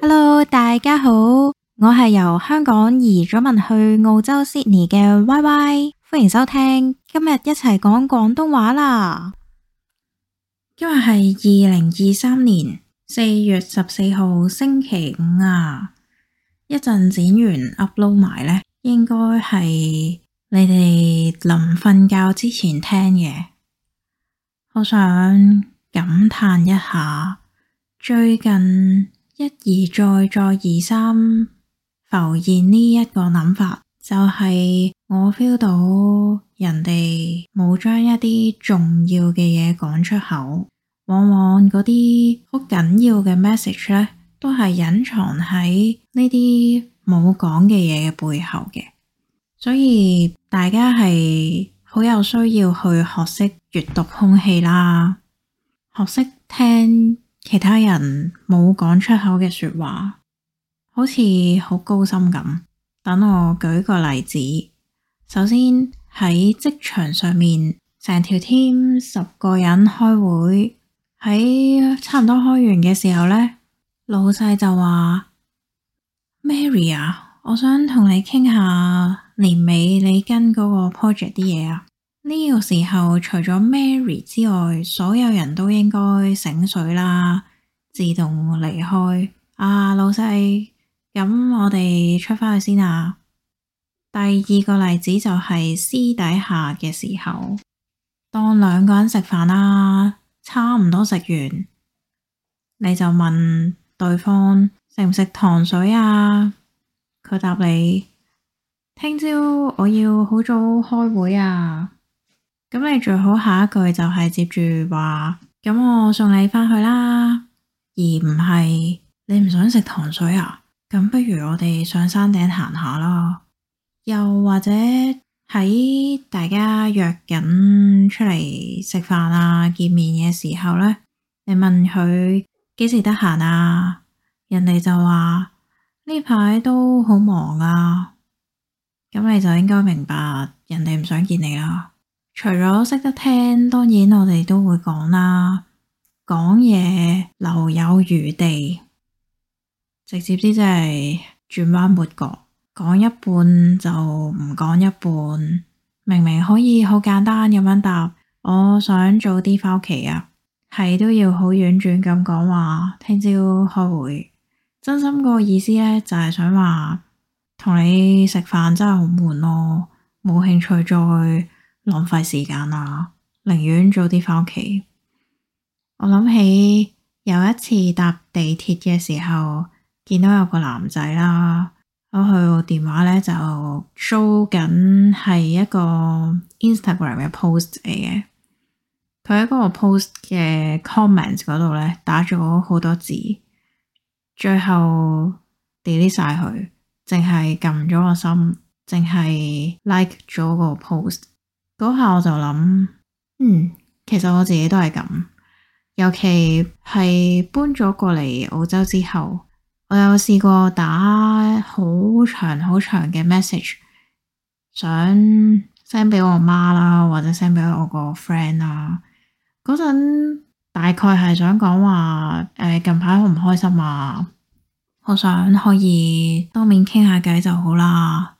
Hello，大家好，我係由香港移咗民去澳洲 Sydney 嘅 Y Y，歡迎收聽。今日一齊講廣東話啦。今日係二零二三年四月十四號星期五啊。一陣剪完 upload 埋呢，應該係你哋臨瞓覺之前聽嘅。我想感嘆一下，最近一而再再，再而三浮現呢一個諗法，就係我 feel 到人哋冇將一啲重要嘅嘢講出口，往往嗰啲好緊要嘅 message 咧，都係隱藏喺呢啲冇講嘅嘢嘅背後嘅，所以大家係，好有需要去學識閱讀空氣啦，學識聽其他人冇講出口嘅說話，好似好高深咁。等我舉個例子，首先喺職場上面，成條 team 十個人開會，喺差唔多開完嘅時候呢，老細就話：Mary 啊，我想同你傾下。年尾你跟嗰個 project 啲嘢啊？呢個時候除咗 Mary 之外，所有人都應該醒水啦，自動離開。啊，老細，咁我哋出返去先啊。第二個例子就係私底下嘅時候，當兩個人食飯啦，差唔多食完，你就問對方食唔食糖水啊？佢答你。聽朝我要好早開會啊！咁你最好下一句就係接住話，咁我送你返去啦，而唔係你唔想食糖水啊？咁不如我哋上山頂行下啦。又或者喺大家約緊出嚟食飯啊、見面嘅時候呢，你問佢幾時得閒啊？人哋就話呢排都好忙啊。咁你就應該明白人哋唔想見你啦。除咗識得聽，當然我哋都會講啦。講嘢留有餘地，直接啲就係轉彎抹角，講一半就唔講一半。明明可以好簡單咁樣答，我想早啲返屋企啊，係都要好婉轉咁講話聽朝開會。真心個意思咧就係想話。同你食飯真係好悶咯，冇興趣再浪費時間啦、啊，寧願早啲返屋企。我諗起有一次搭地鐵嘅時候，見到有個男仔啦，攞佢個電話咧就 show 緊係一個 Instagram 嘅 post 嚟嘅，佢喺嗰個 post 嘅 comments 嗰度咧打咗好多字，最後 delete 晒佢。淨係撳咗個心，淨係 like 咗個 post 嗰下，我就諗，嗯，其實我自己都係咁。尤其係搬咗過嚟澳洲之後，我有試過打好長好長嘅 message，想 send 俾我媽啦，或者 send 俾我個 friend 啦。嗰陣大概係想講話，誒，近排好唔開心啊！我想可以當面傾下偈就好啦。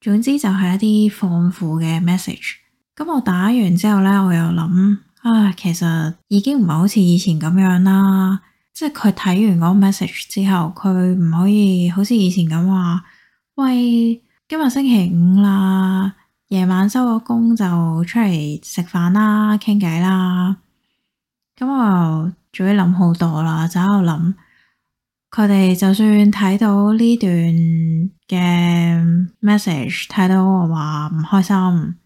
總之就係一啲放負嘅 message。咁我打完之後咧，我又諗啊，其實已經唔係好似以前咁樣啦。即係佢睇完嗰個 message 之後，佢唔可以好似以前咁話，喂，今日星期五啦，夜晚收咗工就出嚟食飯啦，傾偈啦。咁我又再諗好多啦，就喺度諗。佢哋就算睇到呢段嘅 message，睇到我話唔開心，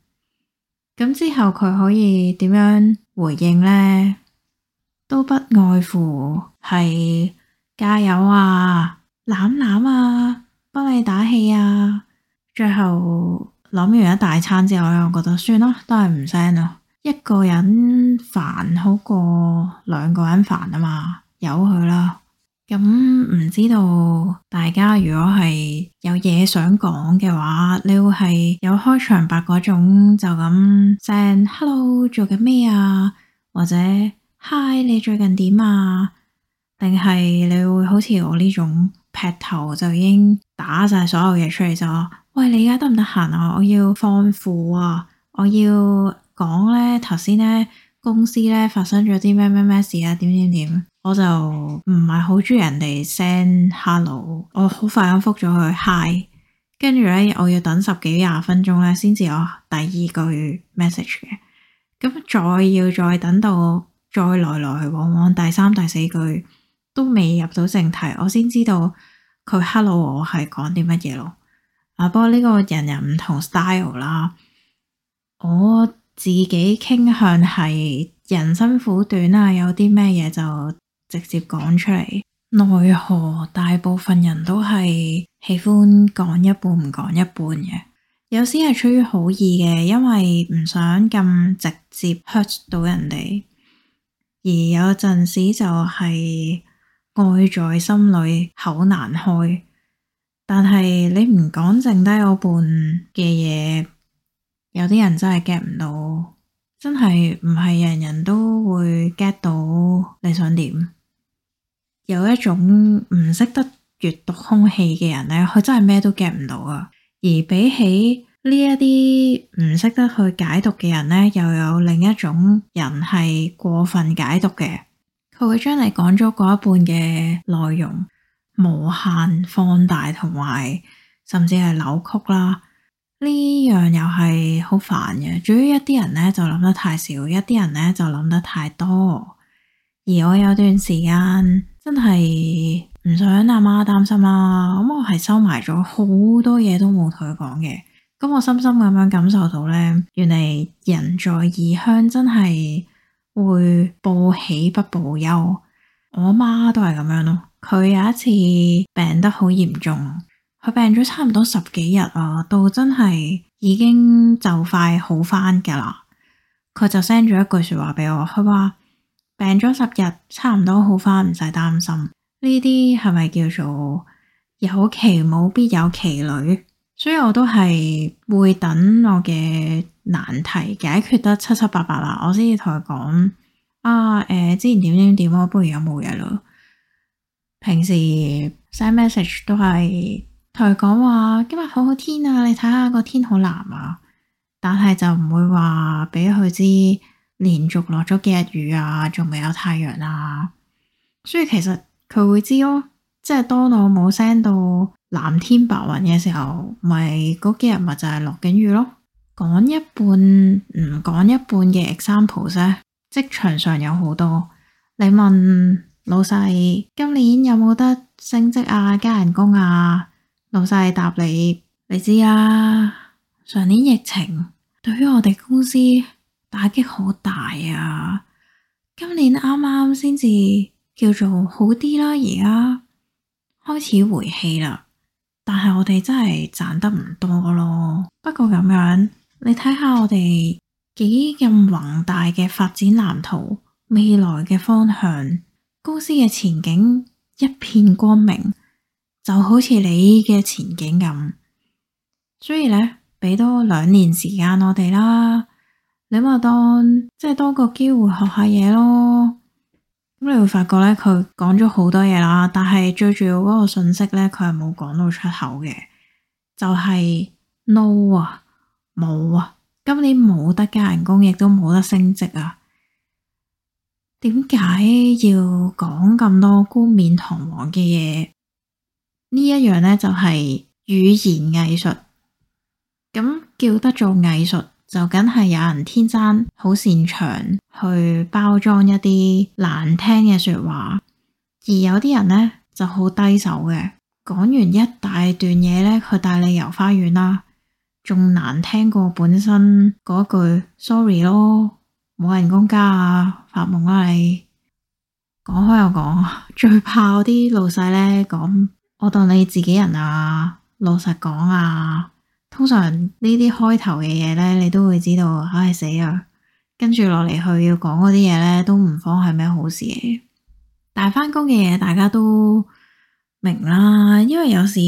咁之後佢可以點樣回應呢？都不外乎係加油啊、攬攬啊、幫你打氣啊。最後諗完一大餐之後咧，我覺得算咯，都係唔 send 咯，一個人煩好過兩個人煩啊嘛，由佢啦。咁唔、嗯、知道大家如果係有嘢想講嘅話，你會係有開場白嗰種就咁 send hello 做緊咩啊？或者 hi 你最近點啊？定係你會好似我呢種劈頭就已經打晒所有嘢出嚟就，喂，你而家得唔得閒啊？我要放負啊，我要講呢頭先呢公司呢發生咗啲咩咩咩事啊，點點點。我就唔係好中意人哋 send hello，我好快咁覆咗佢 hi，跟住咧我要等十幾廿分鐘咧，先至有第二句 message 嘅，咁再要再等到再來來往往，第三第四句都未入到正題，我先知道佢 hello 我係講啲乜嘢咯。啊，不過呢個人人唔同 style 啦，我自己傾向係人生苦短啊，有啲咩嘢就。直接講出嚟，奈何大部分人都係喜歡講一半唔講一半嘅，有時係出於好意嘅，因為唔想咁直接 hurt 到人哋，而有陣時就係愛在心裡口難開，但係你唔講剩低嗰半嘅嘢，有啲人真係 get 唔到，真係唔係人人都會 get 到你想點。有一種唔識得閲讀空氣嘅人呢，佢真係咩都 get 唔到啊！而比起呢一啲唔識得去解讀嘅人呢，又有另一種人係過分解讀嘅，佢會將你講咗嗰一半嘅內容無限放大同埋甚至係扭曲啦。呢樣又係好煩嘅。至於一啲人呢，就諗得太少，一啲人呢，就諗得太多。而我有段時間。真係唔想阿媽擔心啦，咁我係收埋咗好多嘢，都冇同佢講嘅，咁我深深咁樣感受到呢，原來人在異鄉真係會報喜不報憂，我阿媽都係咁樣咯。佢有一次病得好嚴重，佢病咗差唔多十幾日啊，到真係已經就快好翻㗎喇，佢就 send 咗一句說話俾我，佢話。病咗十日，差唔多好翻，唔使擔心。呢啲係咪叫做有其母必有其女？所以我都係會等我嘅難題解決得七七八八啦，我先至同佢講啊。誒、欸，之前點點點，我不如有冇嘢咯。平時 send message 都係同佢講話，今日好好天啊，你睇下個天好藍啊。但係就唔會話俾佢知。連續落咗幾日雨啊，仲未有太陽啊，所以其實佢會知咯，即係當我冇 send 到藍天白雲嘅時候，咪嗰幾日咪就係落緊雨咯。講一半唔講一半嘅 example 啫。職場上有好多。你問老細今年有冇得升職啊、加人工啊？老細答你，你知啊，上年疫情對於我哋公司，打擊好大呀、啊。今年啱啱先至叫做好啲啦，而家開始回氣啦。但係我哋真係賺得唔多咯。不過咁樣，你睇下我哋幾咁宏大嘅發展藍圖，未來嘅方向，公司嘅前景一片光明，就好似你嘅前景咁。所以呢，俾多兩年時間我哋啦。你咪當即係多個機會學下嘢咯，咁你會發覺咧，佢講咗好多嘢啦，但係最重要嗰個信息咧，佢係冇講到出口嘅，就係、是、no 啊，冇啊，今年冇得加人工，亦都冇得升職啊，點解要講咁多冠冕堂皇嘅嘢？呢一樣咧就係語言藝術，咁叫得做藝術。就梗係有人天生好擅長去包裝一啲難聽嘅說話，而有啲人呢就好低手嘅，講完一大段嘢呢，佢帶你遊花園啦啊，仲難聽過本身嗰句 sorry 咯，冇人工加啊，發夢啦啊你，講開又講，最怕啲老細呢講，我當你自己人啊，老實講啊。通常呢啲開頭嘅嘢呢，你都會知道，唉、哎、死啊！跟住落嚟去要講嗰啲嘢呢，都唔方係咩好事嘅。但係返工嘅嘢，大家都明啦，因為有時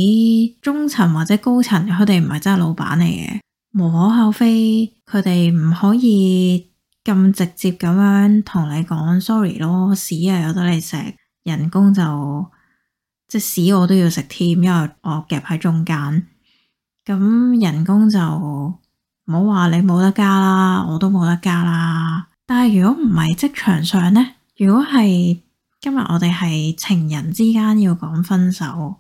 中層或者高層，佢哋唔係真係老闆嚟嘅，無可厚非，佢哋唔可以咁直接咁樣同你講 sorry 咯，屎啊有得你食，人工就即係屎我都要食添，因為我夾喺中間。咁人工就唔好話你冇得加啦，我都冇得加啦。但係如果唔係職場上呢？如果係今日我哋係情人之間要講分手，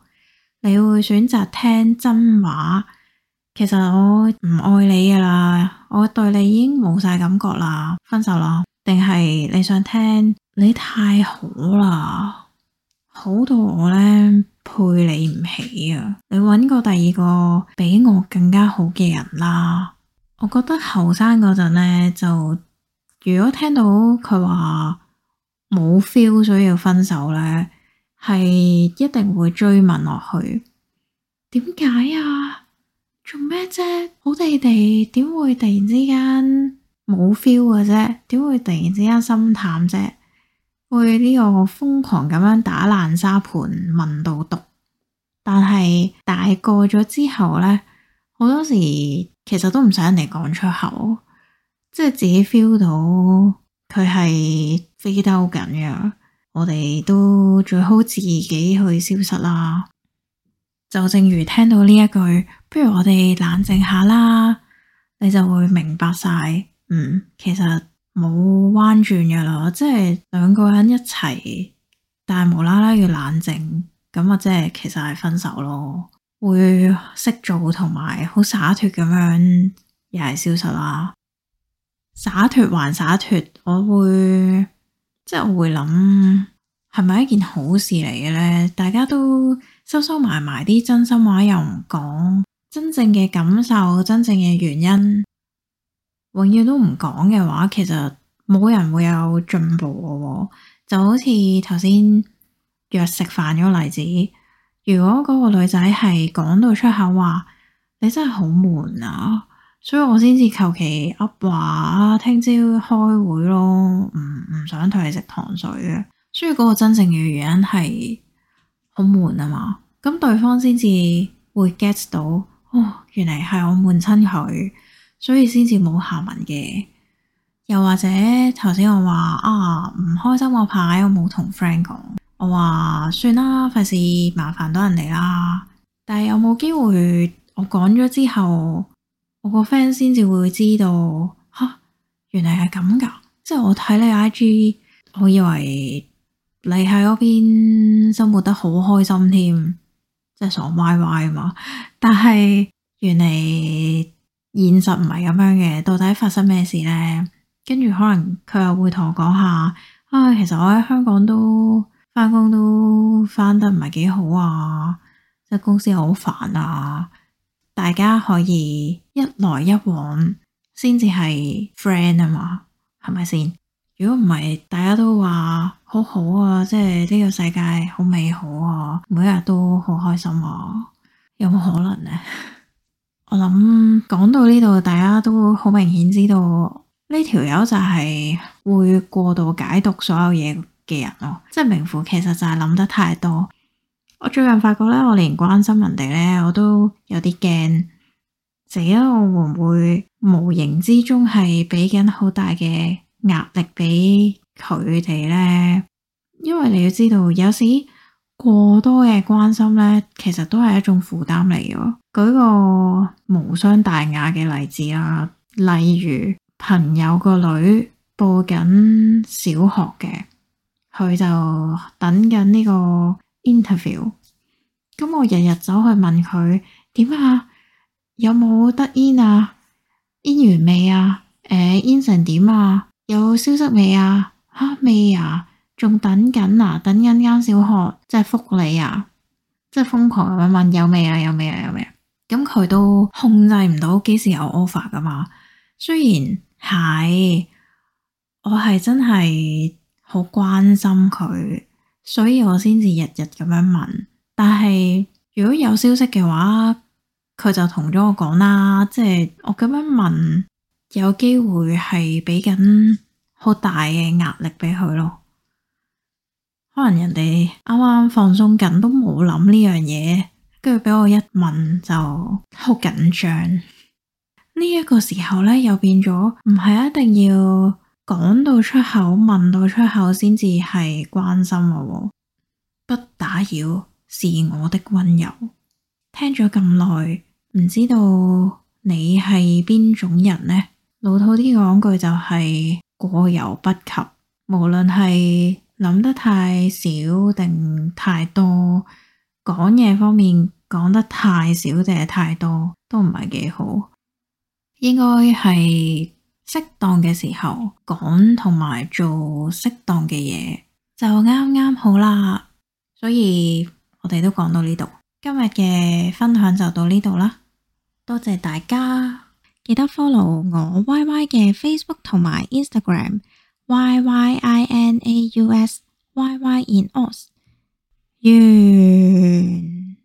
你會選擇聽真話？其實我唔愛你㗎喇，我對你已經冇晒感覺啦，分手啦。定係你想聽你太好啦，好到我呢。配你唔起啊！你揾個第二個比我更加好嘅人啦。我覺得後生嗰陣呢，就如果聽到佢話冇 feel 所以要分手呢，係一定會追問落去點解啊？做咩啫？好地地點會突然之間冇 feel 嘅啫？點會突然之間心淡啫？會呢個瘋狂咁樣打爛沙盤問到篤。但係大個咗之後呢，好多時其實都唔使人哋講出口，即係自己 feel 到佢係飛兜緊嘅。我哋都最好自己去消失啦。就正如聽到呢一句，不如我哋冷靜下啦，你就會明白晒。嗯，其實。冇彎轉嘅咯，即係兩個人一齊，但係無啦啦要冷靜，咁我即係其實係分手咯。會識做同埋好灑脫咁樣，又係消失啦。灑脫還灑脫，我會即係我會諗，係咪一件好事嚟嘅咧？大家都收收埋埋啲真心話又唔講，真正嘅感受，真正嘅原因。永遠都唔講嘅話，其實冇人會有進步嘅，哦。就好似頭先約食飯嗰例子，如果嗰個女仔係講到出口話，你真係好悶啊，所以我先至求其噏話聽朝開會咯，唔唔想同你食糖水嘅。所以嗰個真正嘅原因係好悶啊嘛，咁對方先至會 get 到哦，原嚟係我悶親佢。所以先至冇下文嘅，又或者頭先我話啊唔開心我排，我冇同 friend 講，我話算啦，費事麻煩到人哋啦。但係有冇機會我講咗之後，我個 friend 先至會知道吓、啊，原來係咁噶。即係我睇你 IG，我以為你喺嗰邊生活得好開心添，即係爽歪歪啊嘛。但係原來。現實唔係咁樣嘅，到底發生咩事呢？跟住可能佢又會同我講下，啊、哎，其實我喺香港都翻工都翻得唔係幾好啊，即係公司好煩啊，大家可以一來一往先至係 friend 啊嘛，係咪先？如果唔係，大家都話好好啊，即係呢個世界好美好啊，每一日都好開心啊，有冇可能呢？我諗講到呢度，大家都好明顯知道呢條友就係會過度解讀所有嘢嘅人咯，即係名副其實就係諗得太多。我最近發覺咧，我連關心人哋咧，我都有啲驚，自己會唔會無形之中係俾緊好大嘅壓力俾佢哋咧？因為你要知道，有時過多嘅關心咧，其實都係一種負擔嚟嘅。舉個無傷大雅嘅例子啊，例如朋友個女報緊小學嘅，佢就等緊呢個 interview。咁我日日走去問佢點啊？有冇得煙啊？煙完未啊？誒、欸，煙成點啊？有消息未啊？哈未啊？仲等緊啊？等緊間小學，即係福利啊，即係瘋狂咁問有未啊？有未啊？有未啊？咁佢都控制唔到幾時有 offer 噶嘛。雖然係，我係真係好關心佢，所以我先至日日咁樣問。但係如果有消息嘅話，佢就同咗我講啦。即係我咁樣問，有機會係俾緊好大嘅壓力俾佢咯。可能人哋啱啱放鬆緊，都冇諗呢樣嘢。跟住俾我一問就好緊張，呢一個時候呢，又變咗唔係一定要講到出口，問到出口先至係關心我咯，不打擾是我的溫柔。聽咗咁耐，唔知道你係邊種人呢？老土啲講句就係過猶不及，無論係諗得太少定太多。講嘢方面講得太少定太多都唔係幾好，應該係適當嘅時候講同埋做適當嘅嘢就啱啱好啦。所以我哋都講到呢度，今日嘅分享就到呢度啦。多謝大家，記得 follow 我 YY agram, Y Y 嘅 Facebook 同埋 Instagram Y Y I N A U S Y Y In Aus 嗯。